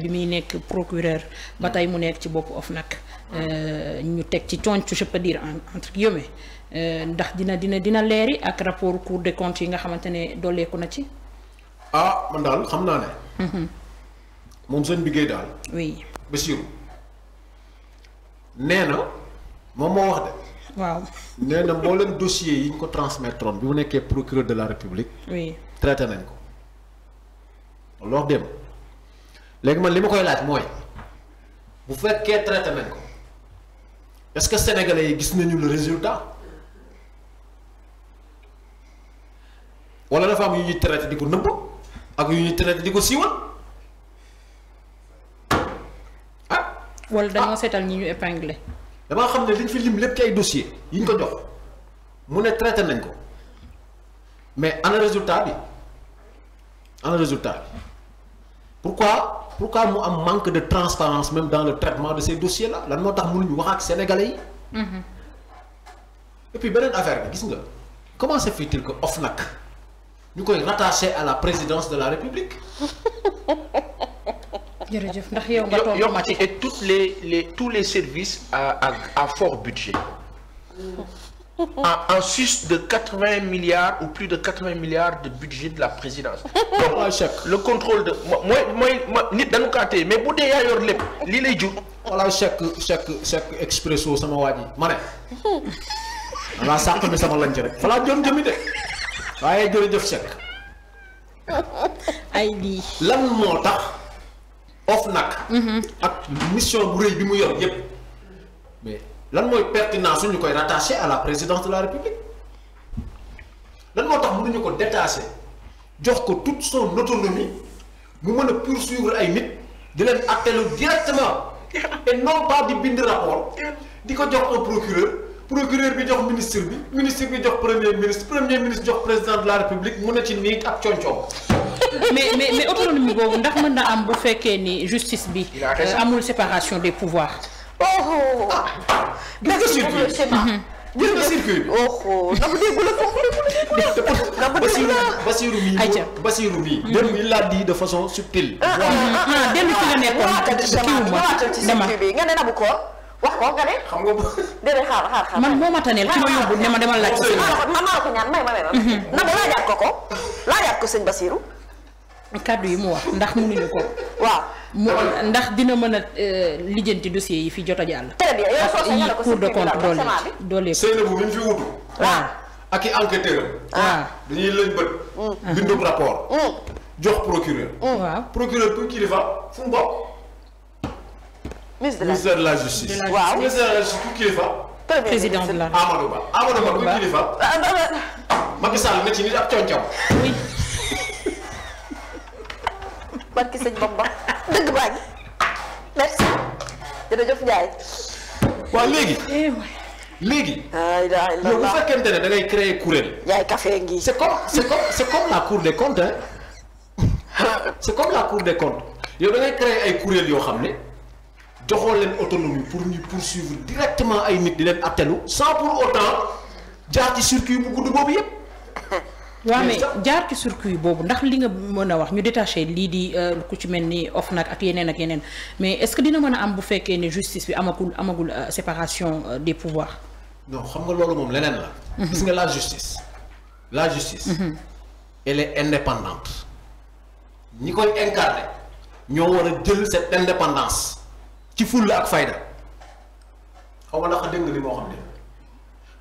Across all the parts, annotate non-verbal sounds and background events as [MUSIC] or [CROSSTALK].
bi muy nekk procureur ba tey mu nekk ci boppu OFNAC euh, ñu teg ci conc je peux dire entre guillemets euh, ndax dina dina dina leeri ak rapport cour des comptes yi nga xamante ne dooleeku na ci. ah man daal xam naa ne. Mhm. moom seen liggéey daal. oui Bassirou nee na moom moo wax de. waaw nee na mboolem dossier yi ñu ko transmettroon bi mu nekkee procureur de la république. oui traité ko loolu wax dem. léegi man li ma koy laaj mooy bu fekkee traité nañ ko est-ce que sénégalais yi gis nañu le résultat wala dafa am yu ñuy traité di ko nëbb ak yu ñuy traité di ko siiwal ah. wala dañoo ah. seetal ñi ñu épinglé. damaa xam ne dañ fi lim lépp ci ay dossier yi ñu ko jox mu ne traité nañ ko mais en résultat bi en résultat bi pourquoi. pourquoi mu am manque de transparence même dans le traitement de ces dossiers là lan moo tax mënuñu wax ak sénégalais yi. Mhm. et beneen affaire gis nga comment se ko il que ñu koy rattaché à la présidence de la république. [LAUGHS] jërëjëf ndax yow nga et toutes les les tous les services à à à fort budget. [LAUGHS] en, [LAUGHS] ah, en sus de 80 milliards ou plus de 80 milliards de budget de la présidence. [LAUGHS] donc le contrôle de mooy mooy nit dañu kaa téye mais bu dee yaa yor lépp lii lay jur. voilà chèque chèque chèque expresso sama waa ji ma ne. voilà [LAUGHS] sàq mi sama lañ ci rek voilà jëm jëmi de waaye jërëjëf chèque. ay lii. lan moo tax OFNAC. Mhm. ak mission bu rëy bi mu yor yépp lan mooy pertinence suñu koy rattaché à la présidence de la république lan moo tax mun ñu ko détaché jox ko toute son autonomie mu mën a poursuivre ay nit di leen attelu directement [LAUGHS] et non pas di bind rapport [LAUGHS] di ko jox un procureur procureur bi jox ministre bi ministre bi jox premier ministre premier ministre jox président de la république mu ne ci niit ak concom [LAUGHS] mais mais mais autonomie boobu ndax mën na am bu fekkee ni justice bi amul séparation des pouvoirs oh. ah gis nga circuit gis nga circuit. oh na mu déglu la foofu la bii Basiru l'a dit de façon subtile. ah ah démb ci la nekkoon. dama bi nga ne nabu ko. wax ko nga ne. xam nga bu déedéet xaar xaar xaar. man moo ma taneel ki ma yóbbu ne ma demal laaj. ma ko ñaan may ma may ma. na ko ko laajaat ko sëñ Basiru. kàddu yi mu wax ndax mënuñu ko waaw. mu ndax dina mën a euh, lijjanti dossier yi fi jot a jàll. très de compte doole doole. Seynabou mi ñu fi wutu. waaw ak i enquêteurs am. Ah. Ah. dañuy lëñ bët. Mm. bindum rapport. Mm. Mm. jox procureur. waaw procureur pour kilifa fu mu bokk. ministre de la justice waaw de la justice pour kilifa. président la Amadou Ba Amadou Ba pour kilifa. Ah, Macky Sall na ci nit ab coono coono. [LAUGHS] Barke Sëñ Bamba. dëgg baa ngi merci jërëjëf Ndiaye. waaw léegi. Eh, léegi. yow bu fekkente ne da ngay créer kuréel. yaay café ngi. c'est comme c'est comme c'est comme la cour des comptes hein [LAUGHS] c'est comme la cour des comptes yow da ngay créer ay kuréel yoo xam ne joxoo leen autonomie pour ñu poursuivre directement ay nit di leen attelu sans pour autant jaar ci circuit bu gudd boobu yépp [LAUGHS] waaw mais jaar ci circuit boobu ndax li nga mën a wax ñu détaché lii di euh, ku ci mel ni OFNAC ak yeneen ak yeneen mais est-ce que dina mën a am bu fekkee ne justice bi amagul amagul euh, séparation euh, des pouvoirs. ñoo xam nga loolu moom leneen la. Mhm. gis nga la justice. la justice. Mm-hmm. elle est indépendante. ñi koy incarner ñoo war a jël cette indépendance. ci fulla ak fayda. xaw ma ndax dégg nga li moo xam ne.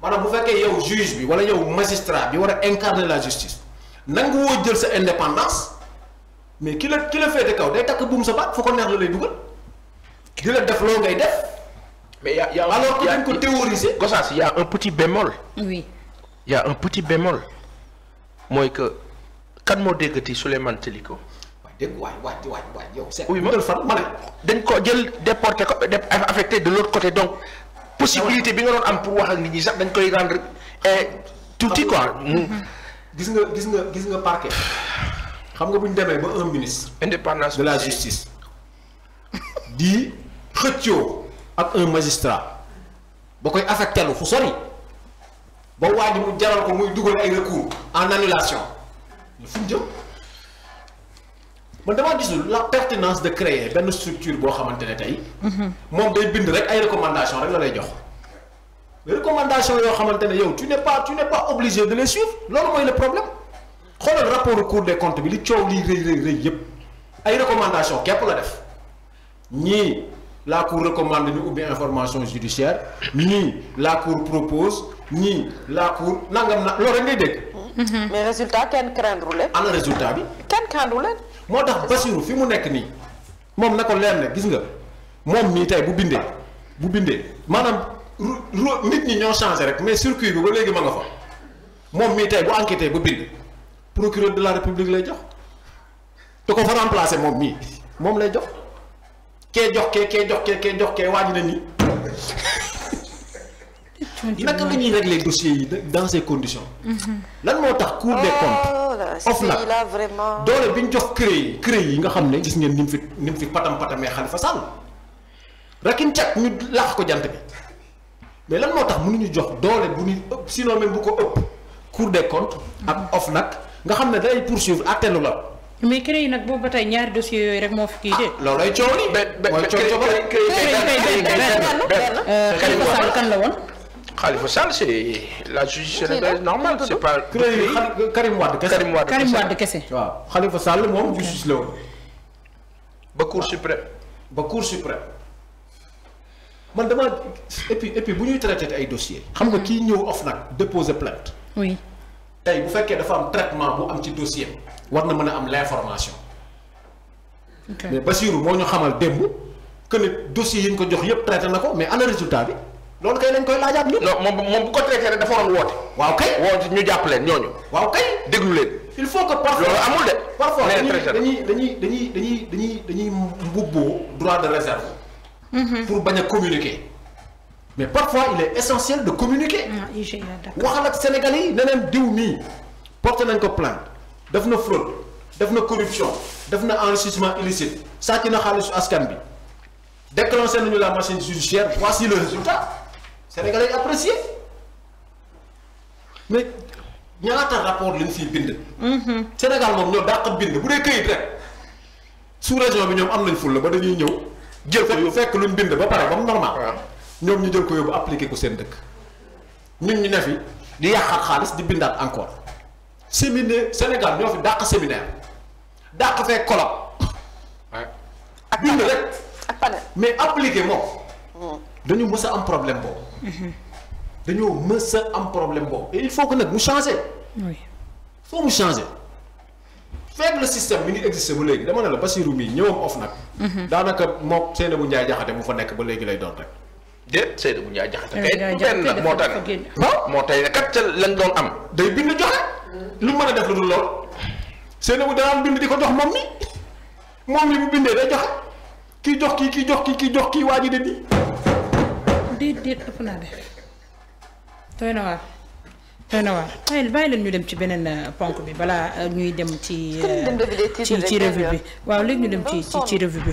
maanaam bu fekkee yow juge bi wala yow magistrat bi war a incarner la justice nangu woo jël sa indépendance mais ki la ki la féete kaw day takk buum sa baat fu ko neex la lay dugal di la def loo ngay def. mais y' yaa y' a alors dañ ko théoriser. Gossas y' a un petit bemol oui y' a petit bémol mooy que kan moo déggati Souleymane Teliko. dégg waay waay waay waay yow. seet ma fan ma ne. dañ ko jël déporté ko affecté de l' autre côté donc possibilité bi nga doon am pour wax ak nit ñi sax dañ koy rendre eh, tuuti quoi. Mm-hmm. gis nga gis nga gis nga parquet xam nga bu demee ba un ministre. indépendance de la justice. di xëccoo ak un magistrat ba koy affecté lu fu sori ba waa ji mu jaral ko muy dugal ay recours en annulation fu mu jëm. man damaa gisul la pertinence de créer benn structure boo xamante ne tey. moom day bind rek ay recommandation rek la lay jox. recommandation yoo xamante ne yow tu n'es pas tu n'es pas obligé de les suivre loolu mooy le problème xoolal rapport Cour des comptes bi li coow li rëy rëy rëy yëpp ay recommandation képp la def ñii la cour recommande ñu ubbi information judiciaire ñii la cour propose ñii la cour nangam na loolu rek ngay dégg. mais résultat kenn craindre leen. résultat bi. kenn craindre moo tax Bassirou fi mu nekk nii moom na ko leer ne gis nga moom mii tey bu bindee bu bindee maanaam nit ñi ñoo changé rek mais circuit bi ba léegi ma nga fa moom mii tey bu enquêté bu bind procureur de la république lay jox te ko fa remplacé moom mii moom lay jox kee jox kee kee jox kee kee jox kee waaj na nii. naka la ñuy régler dossier yi dans ces conditions. Mm-hmm. lan moo tax cour des euh, comptes. la si pays vraiment doole bi ñu jox CREI yi CREI yi nga xam ne gis ngeen ni mu fi ni mu fi patam patamee Khalifa Sall rakin cat ñu laax ko jant bi mais lan moo tax ñu jox doole bu ñuy ëpp sinon bu ko ëpp Cour des comptes ak mm-hmm. nag nga xam ne day poursuivre àttelu la. mais yi nag boobu ba tey ñaari dossiers yooyu rek moo fi kii de. Ah, loolu lay coow li. mooy coow coow ba CREI CREI benn benn benn Khalifa Sall kan la woon. Khalifa Sall c'est la justice sénégalaise normale c'est pas. Karim Wade kese Karim Wade kese waaw Khalifa Sall moom justice la woon. ba cour suprême. ba cour suprême. man dama et puis bu ñuy traité ay dossiers. xam nga kii ñëw off nag déposer plainte. oui bu fekkee dafa am traitement mu am ci dossier war na mën a am l'information. mais Bassirou moo ñu xamal démb que ne dossier yi ñu ko jox yépp traité na ko mais ana résultat bi. loolu kay lañ koy laajaat ñun. moom moom bu ko traité rek dafa waroon woote. waaw kay woote ñu jàpp leen ñooñu. waaw kay déglu leen. il faut que parfois loolu amul de. parfois dañuy dañuy dañuy dañuy dañuy dañuy mbubboo droit de réserve. Mhm. pour bañ a communiquer. mais parfois il est de communiquer. Ah, waxal ak Sénégalais yi ne leen diw mii porté nañ ko plainte def na fraude def na corruption def na enrichissement illicite sàcc na xaalisu askan bi déclenché nañu la machine judiciaire voici le résultat. Sénégalais yi apprécié mais ñaata rapport lañ siy bind. Mm-hmm. Sénégal moom ñoo dàq bind bu dee këyit rek sous région bi ñoom am nañ fulla ba dañuy ñëw. jël ko fekk luñ bind ba pare ba mu normal. ñoom ñu jël ko yóbbu appliqué ko seen dëkk. ñun ñu ne fi di yàqaat xaalis di bindaat encore séminaire Sénégal ñoo fi dàq séminaire dàq fee colloque. bind rek. mais appliqué moom. Mm. dañu mës am problème boobu. dañoo mës am problème boobu et il faut que nag mu changer. oui mu changer. fekk la système bi ngi existé ba léegi dama ne la Bassirou mii ñëwam off nag. Mhm. daanaka moom Seynabou Ndiaye Diakhaté mu fa nekk ba léegi lay doon rek. déet bu Ndiaye Diakhaté kay benn la moo tax moo tey ne kat ca lañ doon am. day bind joxe. lu mën a def lu dul lool. Seynabou dana am bind di ko jox moom mi moom li mu bindee day joxe ki jox kii ki jox kii ki jox ki waa ji de di déet déet ëpp naa def doy na waar doy na bàyyi bàyyi leen ñu dem ci beneen euh, ponk bi balaa euh, ñuy dem ci euh, ci ci revue bi waaw léegi ñu dem ci ci revue bi